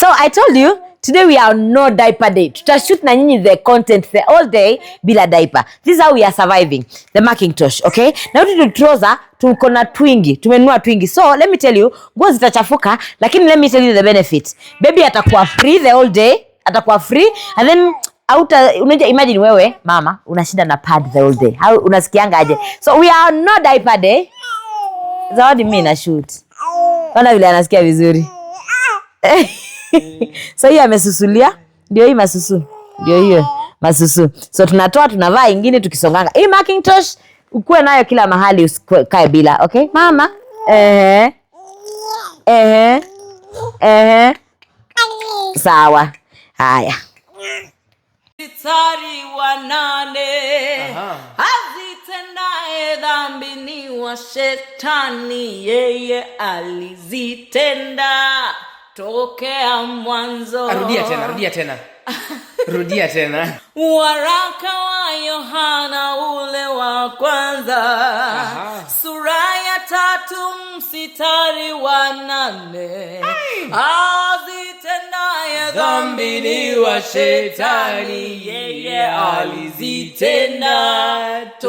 So I told you today we are no diaper day. Tutashoot na nyinyi the content the all day bila diaper. This is how we are surviving the Macintosh, okay? Now utu trouser tuko na twingi, tumenunua twingi. So let me tell you, nguo zitachafuka lakini let me tell you the benefit. Baby atakuwa free the whole day, atakuwa free and then Auta, unajua imagine wewe mama unashinda na pad the whole day. How unasikianga aje? So we are no diaper day. Zawadi mimi na shoot. Wana vile anasikia vizuri. so hiyo amesusulia, ndio hii masusu, ndio hiyo masusu. So tunatoa tunavaa ingine tukisonganga. Hii Macintosh ukuwe nayo kila mahali, usikae bila. Okay mama, ehe ehe ehe, sawa. Haya, Mstari wa nane, azitendaye dhambi ni wa Shetani, yeye alizitenda tokea mwanzo. Rudia tena, rudia tena. Rudia tena. Waraka wa Yohana ule wa kwanza. Aha. Sura ya tatu msitari wa nane. Azitendaye dhambi ni wa shetani, yeye alizitenda.